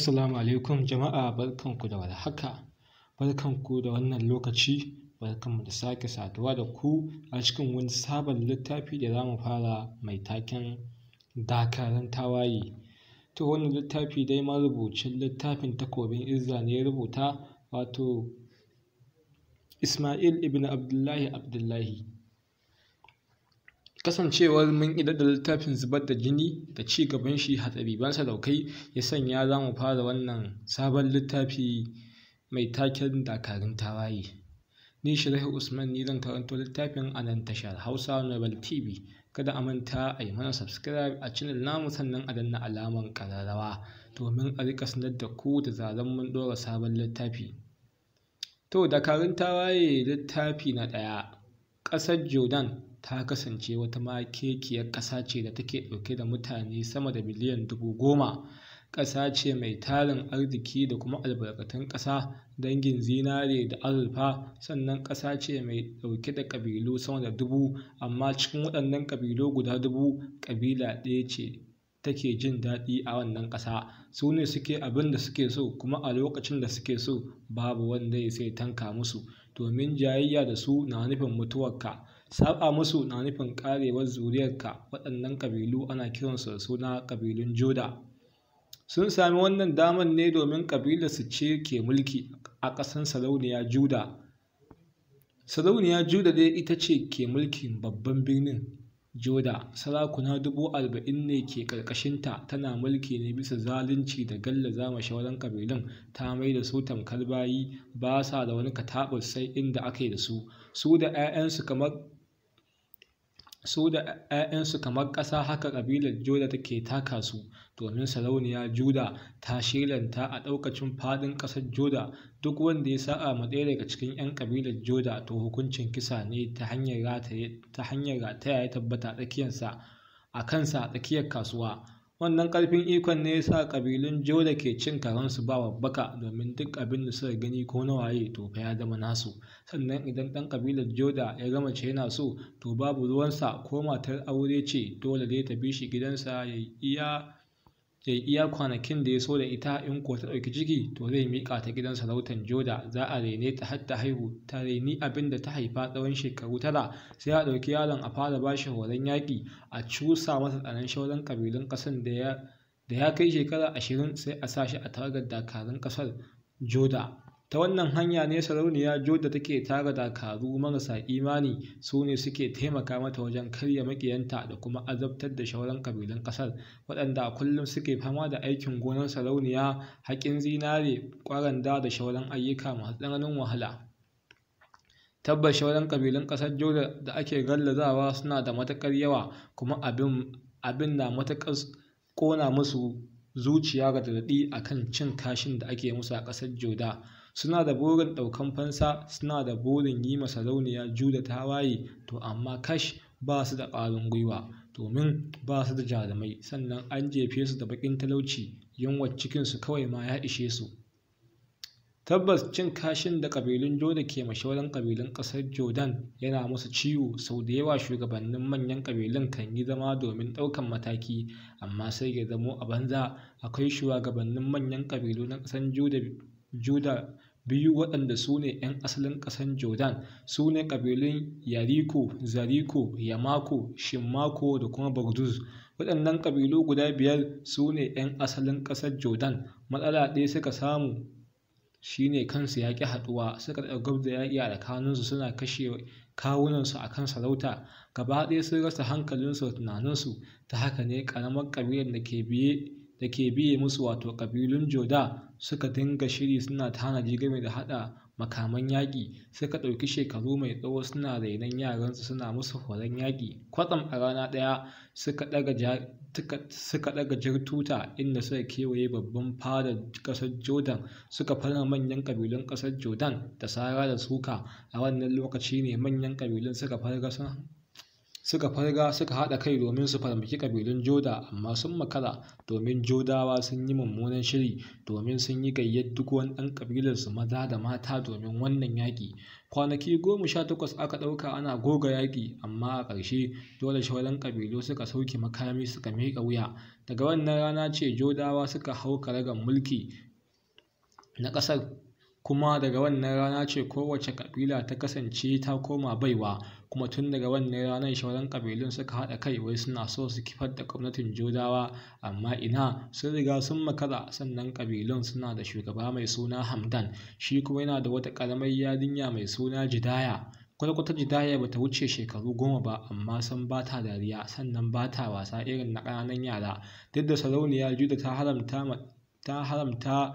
Assalamu alaikum jama'a barkanku da warhaka barkanku da wannan lokaci barkanmu da sake saduwa da ku a cikin wani sabon littafi da za mu fara mai taken dakarun tawaye to wannan littafi dai marubucin littafin takobin izra ne ya rubuta wato Ismail ibn Abdullahi Abdullahi kasancewar mun idar da littafin zubar da jini da ci gaban shi sa kai ya sanya za mu fara wannan sabon littafi mai taken dakarun tawaye ni shi shirahi usman ni zan karanto littafin a nan tashar hausa nobel tv kada a manta a yi mana subscribe a channel namu sannan a danna alamar kararrawa domin a rika sanar da ku da zaren mun ɗora sabon littafi to dakarun tawaye littafi na ɗaya ƙasar jordan ta kasance wata makekiyar ƙasa ce da take ɗauke da mutane sama da miliyan dubu goma ƙasa ce mai tarin arziki da kuma albarkatun ƙasa dangin zinare da azurfa sannan ƙasa ce mai ɗauke da ƙabilu sama da dubu amma cikin waɗannan ƙabilu guda dubu ƙabila ɗaya ce take jin daɗi a wannan ƙasa su ne suke abin da suke so kuma a lokacin da suke so babu wanda ya sai tanka musu domin jayayya da su na nufin mutuwarka saba musu na nufin ƙarewar zuriyarka waɗannan ƙabilu ana kiransu da suna ƙabilun joda sun sami wannan daman ne domin ƙabilarsu ce ke mulki a ƙasan sarauniya juda sarauniya juda dai ita ce ke mulkin babban birnin Joda sarakuna dubu arba'in ne ke ƙarƙashinta tana mulki ne bisa zalunci da gallaza ma sauran ƙabilun ta mai da su tamkar bayi ba sa da wani kataɓus sai inda aka da su, su da 'ya'yansu kamar su da 'ya'yansu kamar ƙasa haka ƙabilar joda take taka su domin sarauniya juda ta shelanta a ɗaukacin faɗin ƙasar joda duk wanda ya sa'a ma ɗaya daga cikin 'yan ƙabilar joda to hukuncin kisa ne ta hanyar rataya ya tabbata tsakiyarsa a kansa tsakiyar kasuwa wannan ƙarfin ikon ne ya sa ƙabilun jola ke cin karansu ba babbaka domin duk abin da suka gani ko na waye to fa ya zama nasu sannan idan ɗan ƙabilar joda ya gama ce yana so to babu ruwansa ko matar aure ce dole dai ta bi shi gidansa ya iya ya yi iya kwanakin da ya so da ita in ko ta ɗauki ciki to zai miƙa ta gidan sarautar joda za a rene ta har ta haihu ta reni abin da ta haifa tsawon shekaru tara sai a ɗauki yaron a fara ba shi horon yaƙi a cusa masa tsanan shauran ƙabilun ƙasan da ya kai shekara ashirin sai a sa shi a tawagar dakarun ƙasar joda ta wannan hanya ne sarauniya joda take tara dakaru marasa imani su ne suke taimaka mata wajen karya makiyanta da kuma azabtar da shauran kabilan kasar waɗanda kullum suke fama da aikin gonar sarauniya haƙin zinare ƙwaranda da shauran ayyuka masu tsananin wahala tabbas shauran kabilun kasar joda da ake gallazawa suna da matakar yawa kuma abin na matakar kona musu zuciya ga daɗi akan cin kashin da ake musu a ƙasar joda suna da burin ɗaukan fansa suna da burin yi masarauniya sarauniya juda tawaye to amma kash ba su da ƙarin gwiwa domin ba su da jarumai sannan an jefe su da baƙin talauci cikin cikinsu kawai ma ya ishe su tabbas cin kashin da ƙabilun joda ke mashauran ƙabilun ƙasar jordan yana musu ciwo sau da yawa shugabannin manyan ƙabilun kan yi zama domin ɗaukan mataki amma sai ya zamo a banza akwai shugabannin manyan ƙabilu na ƙasar jordan juda biyu waɗanda su ne 'yan asalin ƙasar jordan su ne ƙabilun yariko zariko yamako shimmako da kuma bagduz waɗannan ƙabilu guda biyar su ne 'yan asalin ƙasar jordan matsala ɗaya suka samu shine kansu ya haɗuwa suka ɗaukar da yaƙi a tsakaninsu suna kashe kawunansu a kan sarauta gaba ɗaya sun rasa hankalinsu da tunaninsu ta haka ne ƙaramar ƙabilar da ke biye musu wato ƙabilun joda suka dinga shiri suna tanadi game da hada makaman yaƙi suka ɗauki shekaru mai tsawo suna rainon yaransu suna musu horon yaƙi kwatsam a rana ɗaya suka ɗaga jar tuta inda suka kewaye babban fadar ƙasar jordan suka fara manyan kabilun kasar jordan da sara da suka a wannan lokaci ne manyan kabilun suka farga sun suka farga suka haɗa kai domin su farmaki ƙabilun joda amma sun makara domin jodawa sun yi mummunan shiri domin sun yi gayyar duk wani ɗan ƙabilarsu maza da mata domin wannan yaƙi kwanaki goma sha takwas aka ɗauka ana goga yaƙi amma a ƙarshe dole shawarar ƙabilu suka sauke makami suka miƙa wuya daga wannan rana ce jodawa suka hau karagar mulki na ƙasar kuma daga wannan rana ce kowace ƙabila ta kasance ta koma baiwa kuma tun daga wannan ranar shauran ƙabilun suka haɗa kai wai suna so su kifar da gwamnatin jodawa amma ina sun riga sun makara sannan ƙabilun suna da shugaba mai suna hamdan shi kuma yana da wata ƙaramar yarinya mai suna jidaya kwata Jidaya jidaya bata wuce shekaru goma ba amma san ba ta dariya sannan ba ta wasa irin na ƙananan yara duk da sarauniya juda ta haramta ma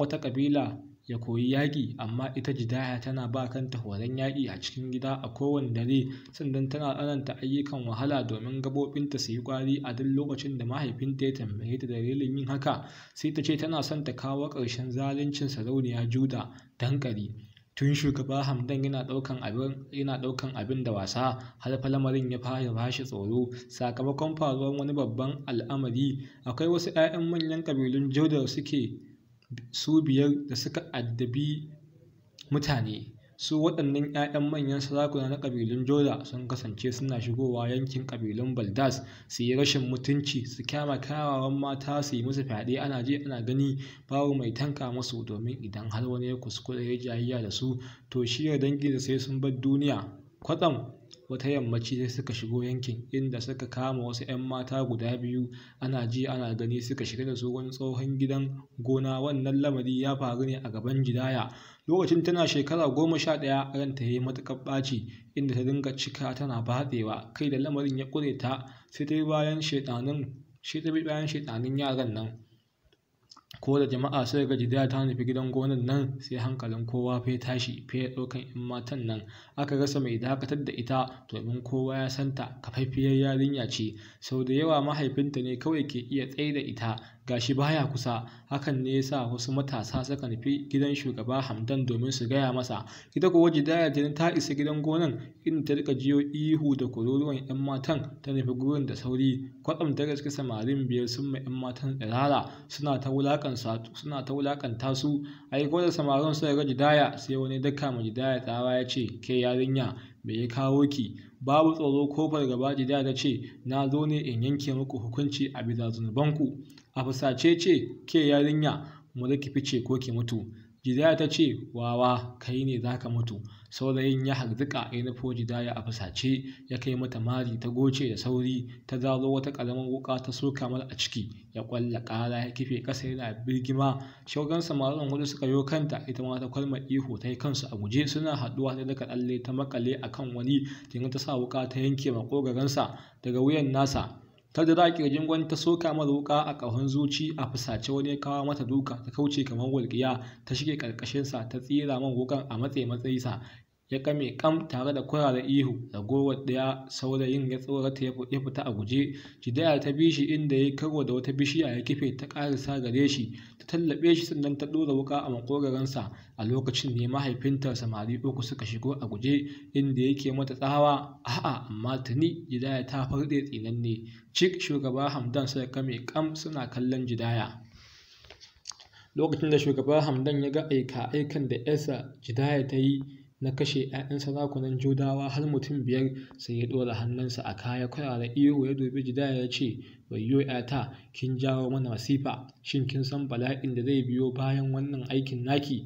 wata ƙabila ya koyi yaƙi amma ita Jidaya tana ba kanta horon yaƙi a cikin gida a kowane dare sannan tana tsananta ayyukan wahala domin gaɓoɓinta su yi ƙwari a duk lokacin da mahaifinta ya tambaye ta dalilin yin haka sai ta ce tana son ta kawo ƙarshen zaluncin sarauniya Juda dankali tun shugaba Hamdan yana ɗaukan abin da wasa har falamarin ya fara bashi tsoro sakamakon faruwar wani babban al'amari akwai wasu 'ya'yan manyan ƙabilun jodar suke su biyar da suka addabi mutane su waɗannan 'ya'yan manyan sarakuna na ƙabilun joda sun kasance suna shigowa yankin ƙabilun baldas su yi rashin mutunci su kyama kyawawan mata su yi musu fyaɗe ana ji ana gani babu mai tanka musu domin idan har wani ya kuskure ya jayayya da su to shi da dangi da sai sun bar duniya kwatsam wata yammaci sai suka shigo yankin inda suka kama wasu 'yan mata guda biyu ana ji ana gani suka shiga da su wani tsohon gidan gona wannan lamari ya faru ne a gaban gidaya lokacin tana shekara goma sha ɗaya ran ta yi matuƙar ɓaci inda ta dinga cika tana batsewa kai da lamarin ya ƙure ta sai ta bi bayan shaiɗanun yaran nan ko da jama'a sai ga jidaya ta nufi gidan gonar nan sai hankalin kowa fe tashi fe ya ɗaukan in matan nan aka rasa mai dakatar da ita domin kowa ya santa kafaffiyar yarinya ce sau da yawa mahaifinta ne kawai ke iya tsaida ita gashi baya kusa hakan ne yasa wasu matasa suka nufi gidan shugaba Hamdan domin su gaya masa ita kuwa Jidaya jinin ta isa gidan gonan inda ta rika jiyo ihu da kururuwan 'yan matan ta nufi gurin da sauri kwatsam ta gaske samarin biyar sun ma 'yan matan tsirara suna ta wulakanta suna ta wulakanta su aiko da samarin suna ga Jidaya sai wani daka ma Jidaya tsawa ya ce ke yarinya me ya kawo ki babu tsoro kofar gaba Jidaya ta ce na zo ne in yanke muku hukunci a bisa zunubanku a fusace ce ke yarinya mu ki fice ko ki mutu jidaya ta ce wawa kai ne za ka mutu saurayin ya harzuka ya nufo jidaya a fusace ya kai mata mari ta goce da sauri ta zazo wata ƙaramin wuka ta soka kamar a ciki ya ƙwalla kara ya kife ƙasa yana birgima shaugan samarin wani suka yo kanta ita ma ta kwalma ihu ta yi kansu a guje suna haɗuwa ta daga tsalle ta makale kan wani jini ta sa wuka ta yanke makogaransa daga wuyan nasa ta a kirjin gwani ta soka mata wuka a ƙahon zuci a fusace wani ya kawo mata duka ta kauce kamar walƙiya ta shige ƙarƙashinsa ta tsira man wukan a matse matsayinsa ya kame kam tare da kwarara ihu da ragowar daya saurayin ya tsorata ya fita a guje jidaya ta bi shi inda ya karo da wata bishiya ya kife ta karisa gare shi ta tallabe shi sannan ta dora wuka a makogaransa a lokacin ne mahaifinta samari uku suka shigo a guje inda yake mata tsawa a'a amma tuni jidaya ta farɗe tsinanne cik shugaba hamdan sai kame kam suna kallon jidaya lokacin da shugaba hamdan ya ga aika aikan da yasa jidaya ta yi na kashe ‘ya'yan sarakunan Judawa har mutum biyar sai ya ɗora hannunsa a kaya da ihu ya dubi gida ya ce, Wayyo ‘yata, kin jawo mana masifa, shin kin san bala'in da zai biyo bayan wannan aikin naki?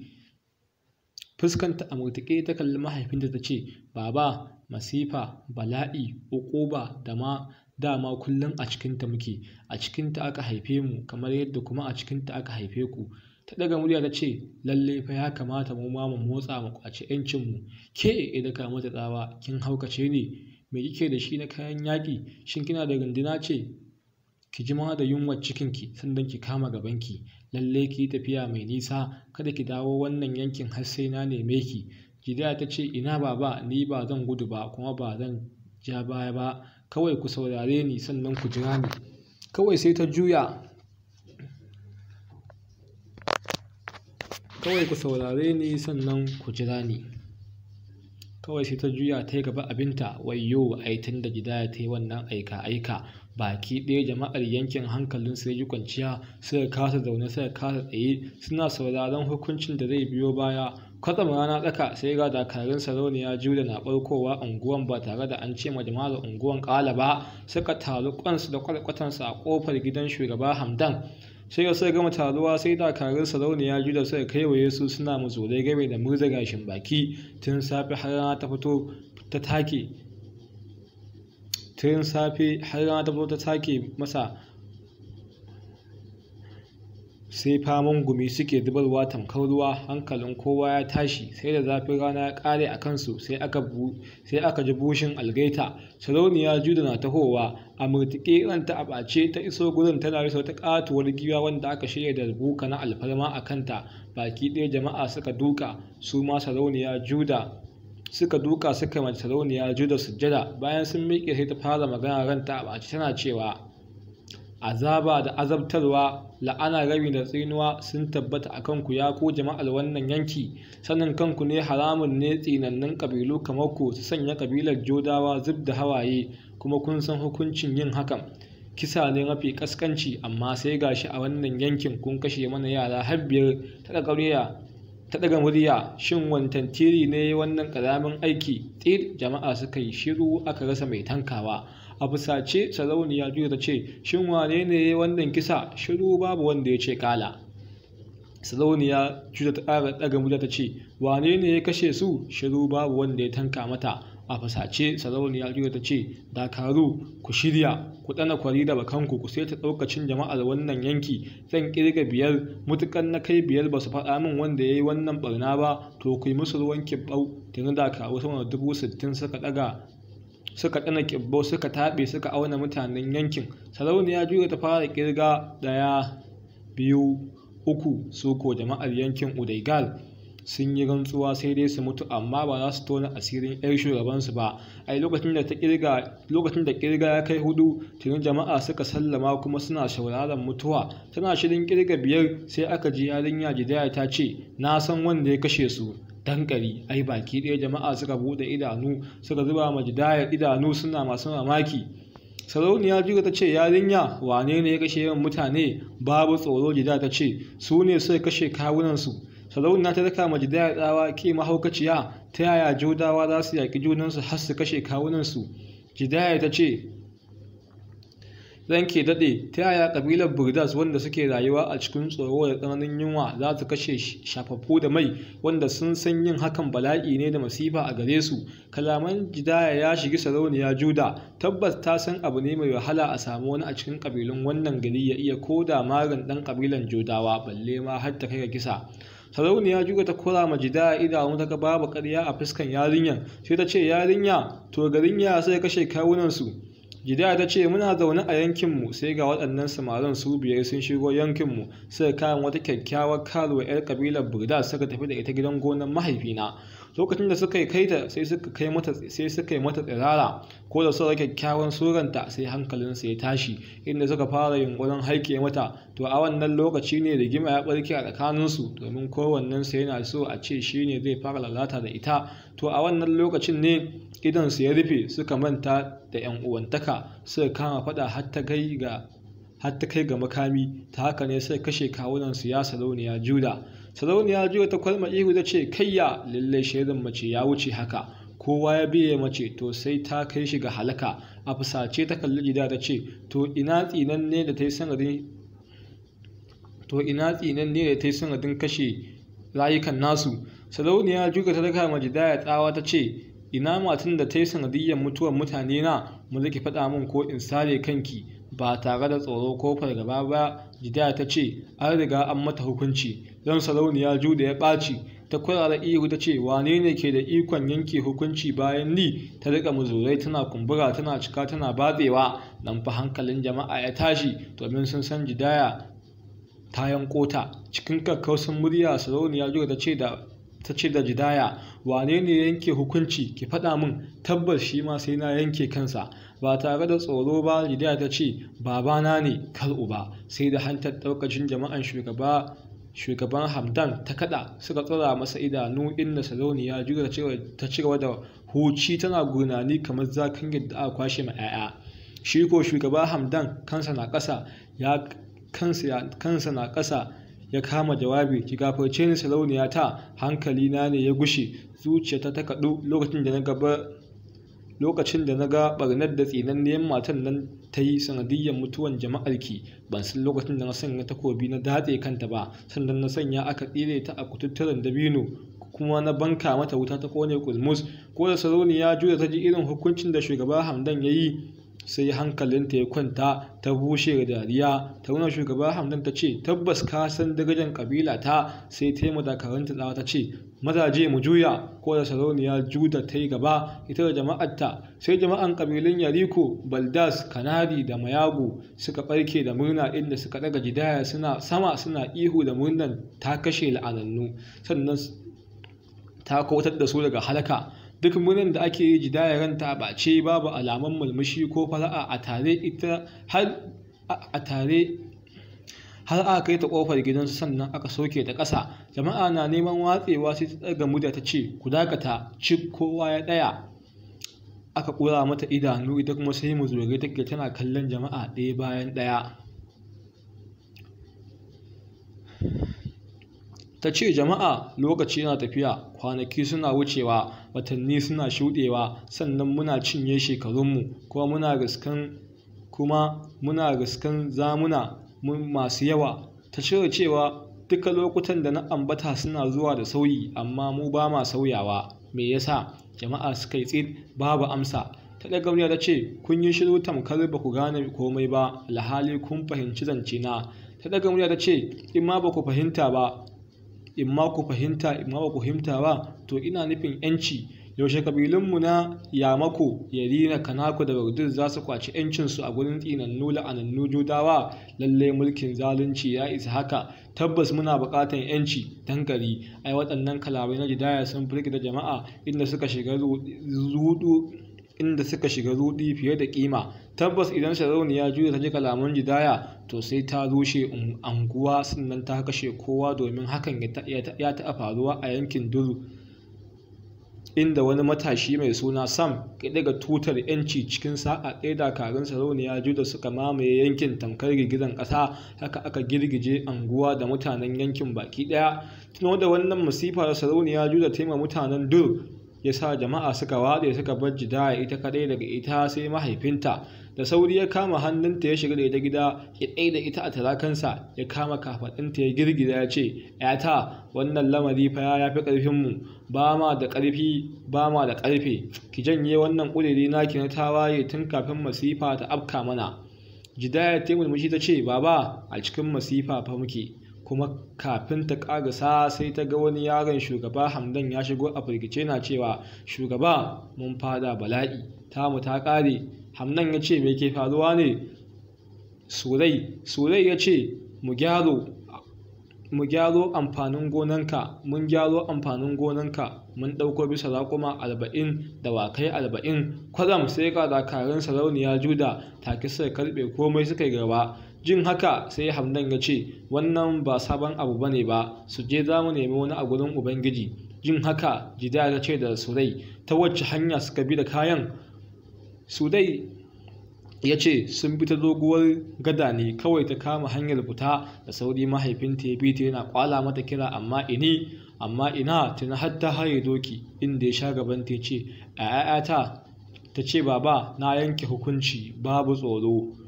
Fuskanta a mutuƙe ta kalli mahaifinta ta ce, Baba, masifa, bala'i, uƙuba da ma dama kullum a cikinta muke, a cikinta aka haife mu kamar yadda kuma a cikinta aka haife ku. ta daga murya ta ce lalle fa ya kamata mu ma mu motsa mu kwaci yancin mu ke idan ka mata tsawa kin haukace ne me kike da shi na kayan yaki? shin kina da runduna ce ki jima ma da yunwar ki sannan ki kama gaban ki lalle ki yi tafiya mai nisa kada ki dawo wannan yankin har sai na neme ki jidiya ta ce ina baba ni ba zan gudu ba kuma ba zan ja baya ba kawai ku saurare ni sannan ku jira ni kawai sai ta juya kawai ku saurare ni sannan ku jira ni kawai sai ta juya ta yi gaba abinta wayyo tun da gida ya ta yi wannan aika-aika baki ɗaya jama'ar yankin hankalin su yi kwanciya suka kasa zaune suka kasa tsaye suna sauraron hukuncin da zai biyo baya kwatsam rana tsaka sai ga dakarun sarauniya juda na ɓarkowa unguwan ba tare da an ce ma jama'ar unguwan ƙala ba suka taru ƙwansu da kwalkwatansu a ƙofar gidan shugaba hamdan sai yau suka gama taruwa sai dakarun sarauniya juda suka wa Yesu suna muzurai game da murza gashin baki tun safe har rana ta fito ta take tun safe har rana ta fito ta take masa sai faman gumi suke zubarwa tamkar ruwa hankalin kowa ya tashi sai da zafin rana ya kare a kansu sai aka ji bushin algaita sarauniya juda na tahowa a murtuke ranta a ɓace ta iso gurin tana rasa ta katuwar giwa wanda aka shirya da buka na alfarma a kanta baki ɗaya jama'a suka duka su ma sarauniya juda suka duka suka mace sarauniya juda sujjada bayan sun miƙe sai ta fara magana ranta a ɓace tana cewa azaba da azabtarwa la'ana rabi da tsinuwa sun tabbata a kanku ya ko jama'ar wannan yanki sanin kanku ne haramun ne tsinannun ƙabilu kamar ku su sanya ƙabilar jodawa zub da hawaye kuma kun san hukuncin yin hakan kisa ne mafi ƙasƙanci amma sai gashi a wannan yankin kun kashe mana yara har biyar ta ɗaga murya shin wantan tiri ne wannan ƙaramin aiki tsid jama'a suka yi shiru aka rasa mai tankawa a fusace sarauniya juya ta ce shin wane ne wannan kisa shiru babu wanda ya ce kala sarauniya juya ta ƙara ɗaga muda ta ce wane ne ya kashe su shiru babu wanda ya tanka mata a fusace sarauniya juya ta ce dakaru ku shirya ku ɗana kwari da bakanku ku sai ta ɗaukacin jama'ar wannan yanki zan ƙirga biyar mutukan na kai biyar ba su faɗa min wanda ya yi wannan barna ba to ku yi musu ruwan kibbau tuni dakaru sama da dubu sittin suka ɗaga suka ɗana ƙibbo suka taɓe suka auna mutanen yankin sarauniya juya ta fara ƙirga ɗaya biyu uku su ko jama'ar yankin udaigal sun yi rantsuwa sai dai su mutu amma ba za su tona asirin 'yar shugabansu ba ai lokacin da kirga ya kai hudu tuni jama'a suka sallama kuma suna shauraron mutuwa tana shirin kirga biyar sai aka ji yarinya jidaya ta ce na san wanda ya kashe su dankari ai baki ɗaya jama'a suka buɗe idanu suka zuba ma jidayar idanu suna masu mamaki sarauniya jiga ta ce yarinya wane ne ya kashe yawan mutane babu tsoro jida ta ce su ne suka kashe kawunansu sarauniya ta daka ma jidayar tsawa ke mahaukaciya ta yaya jodawa za su yaƙi junansu har su kashe kawunansu jidaya ta ce Zan ke daɗe ta yaya ƙabilar burdas wanda suke rayuwa a cikin tsoro da tsananin yunwa za su kashe shafaffu da mai wanda sun san yin hakan bala'i ne da masifa a gare su kalaman jidaya ya shigi sarauniya juda tabbas ta san abu ne mai wahala a samu wani a cikin ƙabilun wannan gari ya iya koda marin ɗan ƙabilan judawa balle ma har ta kai ga kisa sarauniya juga ta kura ma jida idanu ta ga babu ƙarya a fuskan yarinyar sai ta ce yarinya to garin ya sai kashe kawunansu Gida ta ce muna zaune a yankinmu sai ga waɗannan samarin su biyar sun shigo yankinmu sai kayan wata kyakkyawar karuwa 'yar kabilar Burda suka tafi da ita gidan gonar mahaifina. lokacin da suka kai ta sai suka kai mata sai suka yi mata tsirara ko da suka rage kyawun suranta sai hankalin su ya tashi inda suka fara yunkurin haike mata to a wannan lokaci ne gima ya barke a tsakanin su domin kowannensa yana so a ce shi zai fara lalata da ita to a wannan lokacin ne idan su ya rufe suka manta da 'yan uwantaka suka kama faɗa har ta kai ga har ta kai ga makami ta haka ne sai kashe kawunan su ne ya juda sarauniya juya ta kwalma ihu da ce kayya lalle shaidan mace ya wuce haka kowa ya biye mace to sai ta kai shi ga halaka a fusace ta kalli gida ta ce to ina tsinan ne da ta yi sanadin kashe rayukan nasu sarauniya juga ta daga ya tsawa ta ce ina matan da ta yi sanadiyyar mutuwar mutane na mu zaki faɗa min ko in sare kanki ba tare da tsoro ko fargaba ba Jidiya ta ce an riga an mata hukunci don sarauniya juda ya ɓaci ta kurara ihu ta ce wane ne ke da ikon yanke hukunci bayan ni ta riƙa muzurai tana kumbura tana cika tana batsewa nan fa hankalin jama'a ya tashi domin sun san jidaya ta yanko ta cikin kakkausin murya sarauniya juda ta ce da ta ce da jidaya wane ne yanke hukunci ki faɗa min tabbas shi ma sai na yanke kansa ba tare da tsoro ba lidiya ta ce babana ne kar uba sai da hantar ɗaukacin jama'an shugaban hamdan ta kada suka tsara masa idanu inda sarauniya jura ta cigaba da huci tana gurnani kamar zakan yadda aka kwashe ma 'ya'ya shi ko shugaba hamdan kansa na kasa ya kansa na kasa ya kama jawabi ki gafarce ni sarauniya ta hankali na ne ya gushe zuciyata ta kaɗu lokacin da na gaba lokacin da na ga barnar da neman matan nan ta yi sanadiyyar mutuwan jama'arki ki ban san lokacin da na sanya takobi na datse kanta ba sannan na sanya aka tsire ta a kututturen dabino kuma na banka mata wuta ta kone kulmus ko da sarauniya juya ta ji irin hukuncin da shugaba hamdan ya yi sai hankalinta ya kwanta ta bushe da dariya ta nuna shugaba hamdan ta ce tabbas ka san darajar kabila ta sai ta yi matakaranta tsawa ta ce mazaje mu juya ko da sarauniya juda ta yi gaba ita da jama'arta sai jama'an kabilun yariko baldas kanadi da mayagu suka barke da murna inda suka daga jidaya suna sama suna ihu da murnan ta kashe la'anannu sannan ta kotar da su daga halaka duk murin da ake yi jidaya ranta ba ce babu alaman mulmushi ko fara'a a tare har a tare har kai ta kofar gidansu sannan aka soke ta ƙasa jama'a na neman watsewa sai ta ɗaga muda ta ce ku dakata ci kowa ya daya aka kura mata idanu ita kuma sai mu zure take tana kallon jama'a ɗaya bayan ɗaya ta ce jama'a lokaci yana tafiya kwanaki suna wucewa watanni suna shuɗewa sannan muna cinye shekarunmu kuma muna gaskan kuma muna gaskan zamuna masu yawa ta cire cewa duka lokutan da na ambata suna zuwa da sauyi amma mu ba ma sauyawa me yasa jama'a suka yi tsit babu amsa ta ɗaga ta ce kun yi shiru tamkar ba ku gane komai ba alhali kun fahimci zance na ta daga ta ce in ma ba ku fahimta ba in ma ku fahimta in ba ku fahimta ba to ina nufin yanci yaushe kabilunmu na yamako yarina kanako da bagdad za su kwaci yancinsu a gurin tsinannu la'anannu judawa lalle mulkin zalunci ya isa haka tabbas muna buƙatar yanci dan gari ai waɗannan kalamai na jidaya sun firgita jama'a inda suka shiga zudu inda suka shiga rudi fiye da kima tabbas idan sarauniya juya ta ji kalaman jidaya to sai ta rushe anguwa sannan ta kashe kowa domin hakan ya taɓa faruwa a yankin duru inda wani matashi mai suna sam ya daga tutar yanci cikin sa'a ɗaya dakarun sarauniya juda suka mamaye yankin tamkar girgizan ƙasa haka aka girgije anguwa da mutanen yankin baki ɗaya tuno da wannan masifa da ya yi taimaka mutanen dur ya sa jama'a suka watse suka bar jidaya ita kaɗai daga ita sai mahaifinta da sauri ya kama hannunta ya shiga da ita gida ya ɗai da ita a talakansa ya kama kafaɗinta ya girgiza ya ce ‘yata wannan lamari fa ya fi ƙarfinmu ba ma da ƙarfi ba ma da ƙarfe ki janye wannan ƙudiri naki na tawaye tun kafin masifa ta afka mana jidaya ta murmushi ta ce baba a cikin masifa fa muke kuma kafin ta ƙarasa sai ta ga wani yaron shugaba hamdan ya shigo a firgice na cewa shugaba mun fada bala'i tamu ta ƙare hamdan ya ce me ke faruwa ne surai surai ya ce mu gyaro mu gyaro amfanin gonanka mun gyaro amfanin gonanka mun ɗauko bisa raƙuma arba'in wakai arba'in kwaram sai ga dakarun sarauniya juda take suka karɓe komai suka yi gaba jin haka sai hamdan ya ce wannan ba sabon abu ba ne ba su je za mu nemi wani a gudun ubangiji jin haka jida ya ce da surai ta wacce hanya suka bi da kayan sudai ya ce sun bi ta doguwar gada ne kawai ta kama hanyar fita da sauri mahaifinta ya bi ta yana kwala mata kira amma ini amma ina tana har ta haye doki inda ya sha gaban ta ce a 'ya'yata ta ce baba na yanke hukunci babu tsoro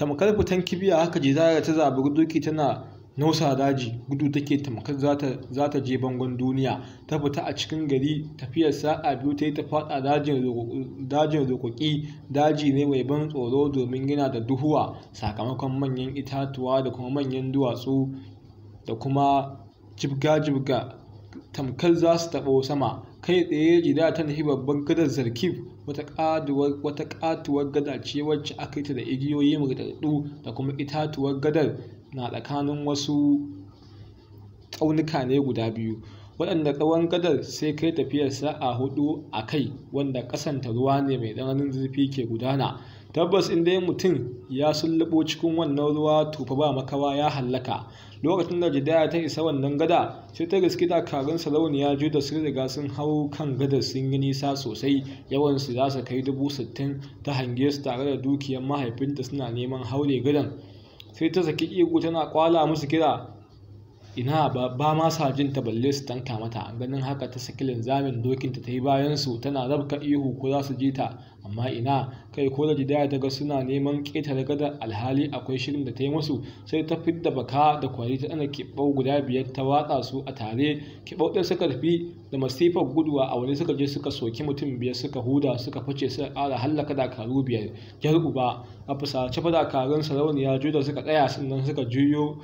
tamkar fitan kibiya haka je za ta zaburi doki tana nausa daji gudu take tamkar za ta je bangon duniya ta fita a cikin gari tafiyar sa'a biyu ta yi ta fada dajin rokoki daji ne mai ban tsoro domin yana da duhuwa sakamakon manyan itatuwa da kuma manyan duwatsu da kuma jibga-jibga tamkar za su taɓo sama kai tsaye jida ta nufi babban gadar zarkif wata ƙatuwar gada ce wacce aka yi ta da igiyoyi murɗaɗɗu da kuma itatuwar gadar na tsakanin wasu tsaunuka ne guda biyu waɗanda tsawon gadar sai kai tafiyar sa'a hudu a kai wanda kasanta ruwa ne mai tsananin zurfi ke gudana tabbas in dai mutum ya sullubo cikin wannan ruwa tufa ba makawa ya hallaka lokacin da jidaya ta isa wannan gada sai ta gaske da karin sarauniya da sun riga sun hau kan gada sun yi nisa sosai yawan su za su kai dubu sittin ta hange su tare da dukiyar mahaifinta suna neman haure gadan sai ta saki iko tana kwala musu kira ina ba ma sa jin ta balle su tanka mata ganin haka ta saki linzamin dokinta ta yi bayan su tana rabka ihu ko za su ji ta amma ina kai ko da jidaya ta ga suna neman ƙetare gadar alhali akwai shirin da ta yi musu sai ta fidda baka da kwari ta ana kiɓau guda biyar ta watsa su a tare kiɓau ɗin suka tafi da masifar guduwa a wani suka je suka soki mutum biyar suka huda suka fice suka ƙara hallaka dakaru biyar yar uba a fusace fa dakarun sarauniya juda suka tsaya sannan suka juyo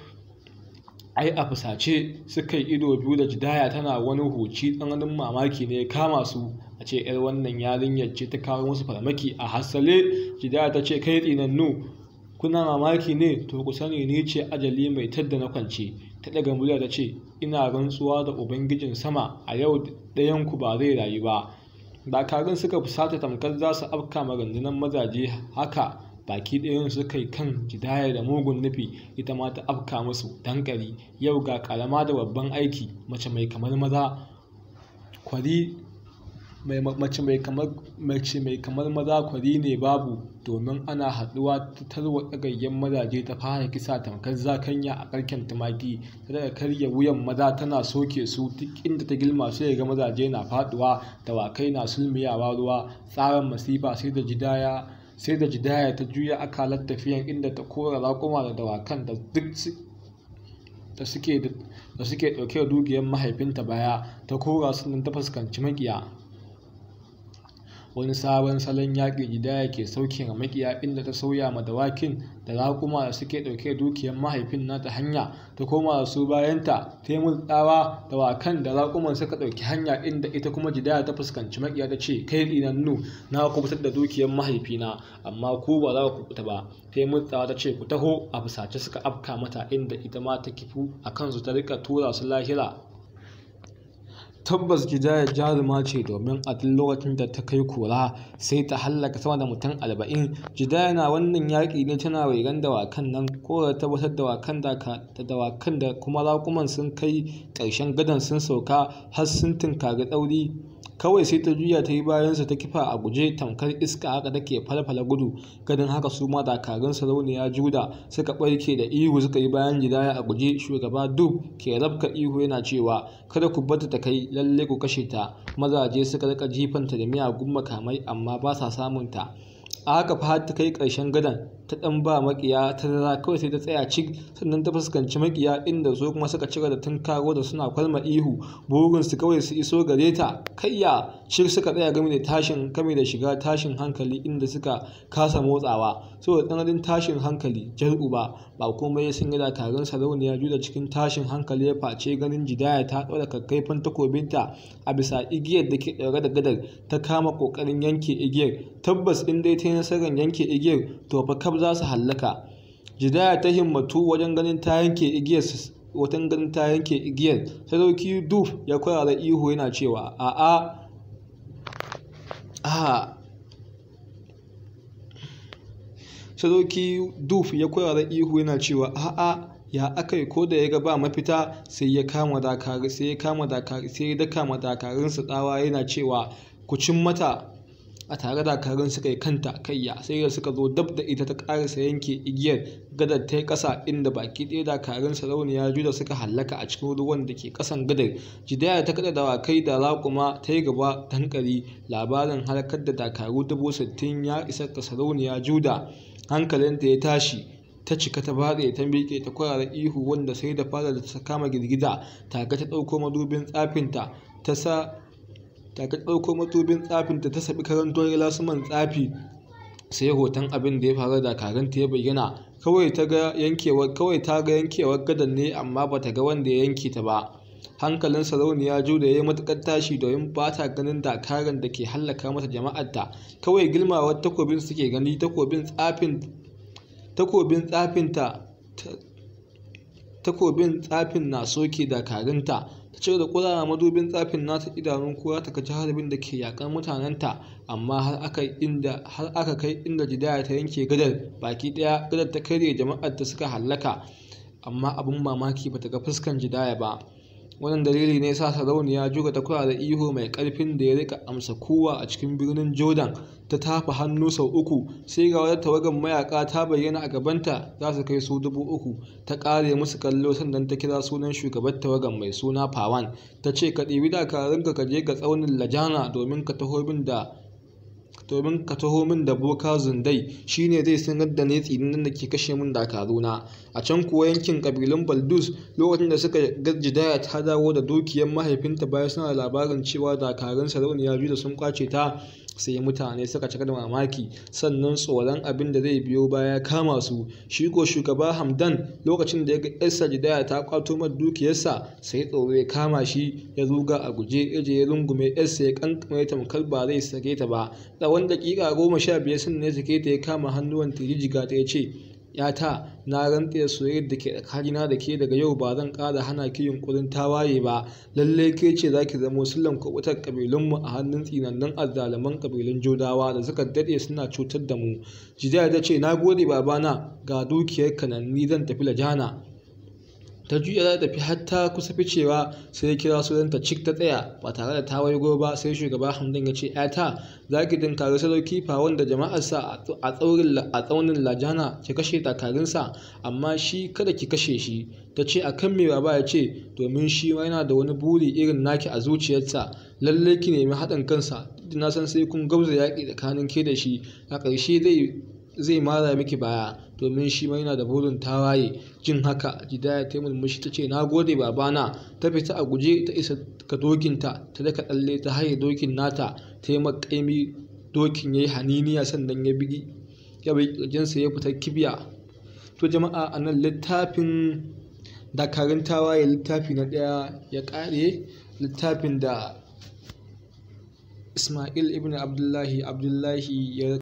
ai a fusace suka yi ido biyu da jidaya tana wani huci tsananin mamaki ne kama su a ce yar wannan yarinyar ce ta kawo musu farmaki a hasale jida ta ce kai tsinannu kuna mamaki ne to ku sani ni ce ajali mai tadda na kwance ta daga murya ta ce ina rantsuwa da ubangijin sama a yau ɗayan ku ba zai rayu ba dakarun suka fusata tamkar za su afka magandunan mazaje haka baki ɗayan su kai kan jidaya da mugun nufi ita ma ta afka musu dankari yau ga karama da babban aiki mace mai kamar maza kwari mace mai kamar mace mai kamar maza kwari ne babu domin ana haɗuwa ta tarwa dagayen mazaje ta fara kisa tamkar zakanya a karken tumaki ta daga karya wuyan maza tana soke su duk inda ta gilma su ga mazaje na faɗuwa dawakai na sulmiyawa ruwa tsarin masifa sai da jidaya sai da jidaya ta juya akalar tafiyan inda ta kora raƙuma da dawakan da duk da suke ɗauke da dugiyar mahaifinta baya ta kora sunan ta fuskanci maƙiya wani sabon salon yaƙi gidaya ke sauke ga makiya inda ta sauya ma dawakin da raƙuma da suke ɗauke dukiyar mahaifin na ta hanya ta koma da su bayanta ta yi dawakan da raƙuman suka ɗauki hanya inda ita kuma gidaya ta fuskanci makiya ta ce kai tsinannu na kubutar da dukiyar mahaifina amma ku ba za ku kubuta ba ta yi ta ce ku taho a fusace suka afka mata inda ita ma ta kifu a kansu ta rika tura su lahira tabbas gida jaruma ce domin a duk lokacin da ta kai kura sai ta hallaka sama da mutum arba'in jidaya na wannan yaƙi ne tana rigan dawakan nan ko da tabbatar dawakan da dawakan da kuma raƙuman sun kai ƙarshen gadon sun sauka har sun tinkari ɗauri kawai sai ta juya ta yi bayansa ta kifa a guje tamkar iska haka take falfala gudu ganin haka su ma dakarun sarauniya juda suka barke da ihu suka yi bayan gidaya a guje shugaba duk ke rabka ihu yana cewa kada ku bata ta kai lalle ku kashe ta mazaje suka rika jifanta da miyagun makamai amma ba sa samun ta a haka fa har ta kai karshen gadon ta ɗan ba makiya ta zara kawai sai ta tsaya cik sannan ta fuskanci makiya inda su kuma suka cika da kago da suna kwalma ihu burinsu kawai su iso gare ta kayya cik suka tsaya game da tashin kame da shiga tashin hankali inda suka kasa motsawa saboda tsananin tashin hankali jar'u ba ba komai sun yi taron sarauniya juda cikin tashin hankali ya face ganin jidaya ta ɗaura kakkaifan takobinta a bisa igiyar da ke ɗaure da gadar ta kama ƙoƙarin yanke igiyar tabbas in dai ta yi nasarar yanke igiyar to fa kaf za su hallaka jidaya ta himmatu wajen ganin ta yanke igiyar wajen ganin ta yanke igiyar sadauki duf ya da ihu yana cewa a'a a sadauki duf ya da ihu yana cewa a'a ya aka yi ko da ya ga ba mafita sai ya kama dakari sai ya kama dakari sai ya daka ma dakarunsa tsawa yana cewa kucin mata a tare dakarun suka yi kanta kayya sai da suka zo dab da ita ta karisa yanke igiyar gadar ta yi ƙasa inda baki ɗaya dakarun sarauniya juda suka hallaka a cikin ruwan da ke kasan gadar jidaya ta kada dawakai da laƙuma ta yi gaba tankari labarin harkar da dakaru dubu sittin ya isa ga sarauniya juda hankalinta ya tashi ta cika ta batse ta miƙe ta kwarara ihu wanda sai da fara da ta kama girgiza ta ɗauko madubin tsafinta ta sa ta ɗauko madubin tsafinta ta sabi karantuwar lasuman tsafi sai hoton abin da ya faru da karanta ya bayyana kawai ta ga yankewar kawai ta ga yankewar gadan ne amma ba ta ga wanda ya yanke ta ba hankalin sarauniya juda ya yi matuƙar tashi domin ba ta ganin dakaran da ke hallaka mata ta, kawai girmawar takobin suke gani takobin tsafin takobin tsafin na soke karinta ta ce da ƙurara madubin tsafin na ta idanun kura ta kaci harbin da ke yakan mutanenta amma har aka kai inda jidaya ta yanke gadar baki daya gadar ta karye jama'ar ta suka hallaka amma abin mamaki bata ga fuskan jidaya ba wannan dalili ne sa sarauniya juga ta kula da ihu mai karfin da ya rika amsa kowa a cikin birnin jordan ta tafa hannu sau uku sai ga wata tawagan mayaka ta bayyana a gabanta za su kai su dubu uku ta kare musu kallo sannan ta kira sunan shugabar tawagar mai suna pawan ta ce ka ɗibi dakarunka ka je ga tsaunin lajana domin ka taho bin da domin ka taho min da boka zundai ne zai sanar da ne tsinin da ke kashe min dakaruna a can kuwa yankin kabilun baldus lokacin da suka gajidaya ta dawo da dukiyar mahaifinta bayan suna labarin cewa dakarun sarauniya da sun kwace ta sai mutane suka cika da mamaki sannan tsoron abin da zai biyo baya kama su shi ko shugaba hamdan lokacin da ya ga yar sajidaya ta kwato mar dukiyarsa sai tsoro ya kama shi ya zuga a guje yaje ya rungume yarsa ya kankame tamkar ba zai sake ta ba tsawon dakika goma sha biyar sannan ya sake ta ya kama hannuwan ta jijiga ta ya ce yata na rantse soyayyar da ke tsakanina da ke daga yau ba zan ƙara hana ki yunkurin tawaye ba lalle ke ce za ki zamo sullan kubutar ƙabilunmu a hannun tsinannun azzaluman kabilun jodawa da suka dade suna cutar da mu jidai ta ce na gode babana ga dukiyar kananni zan tafi lajana ta juya za ta tafi har ta kusa ficewa sai kira su ta cik ta tsaya ba tare da ta waigo ba sai shugaba hamdan ya ce yata za ki karu sadauki fa wanda sa a tsaunin lajana ki kashe takarinsa amma shi kada ki kashe shi ta ce a kan mai baba ya ce domin shi ma yana da wani buri irin naki a zuciyarsa lallai ki nemi haɗin kansa na san sai kun gauza yaƙi tsakanin ke da shi a ƙarshe zai zai mara miki baya domin shi ma yana da burin tawaye jin haka jidaya ta murmushi ta ce na gode babana ta fita a guje ta isa ka dokinta ta daka tsalle ta haye dokin nata ta yi makaimi dokin ya yi haniniya sannan ya bigi ya bi jinsa ya fita kibiya to jama'a a nan littafin dakarun tawaye littafi na ɗaya ya ƙare littafin da ismail ibn abdullahi abdullahi ya